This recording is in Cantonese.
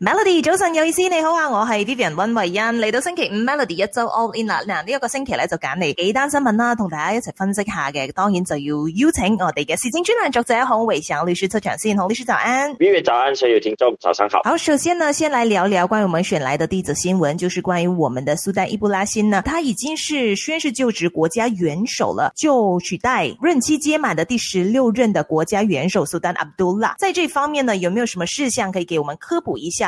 Melody，早晨有意思，你好啊，我是 Vivian 溫慧欣，嚟到星期五，Melody 一周 All In 了。嗱呢一個星期呢，就揀嚟幾單新聞啦，同大家一齊分析下嘅。當然就要邀請我哋嘅時政專欄作者洪偉祥律師出場先。洪律師早安，Vivian 早安，所有聽眾早上好。好，首先呢，先來聊聊關於我們選來的第一則新聞，就是關於我們的蘇丹伊布拉欣呢，他已經是宣誓就職國家元首了，就取代任期屆滿的第十六任的國家元首蘇丹 Abdullah。在這方面呢，有沒有什麼事項可以給我們科普一下？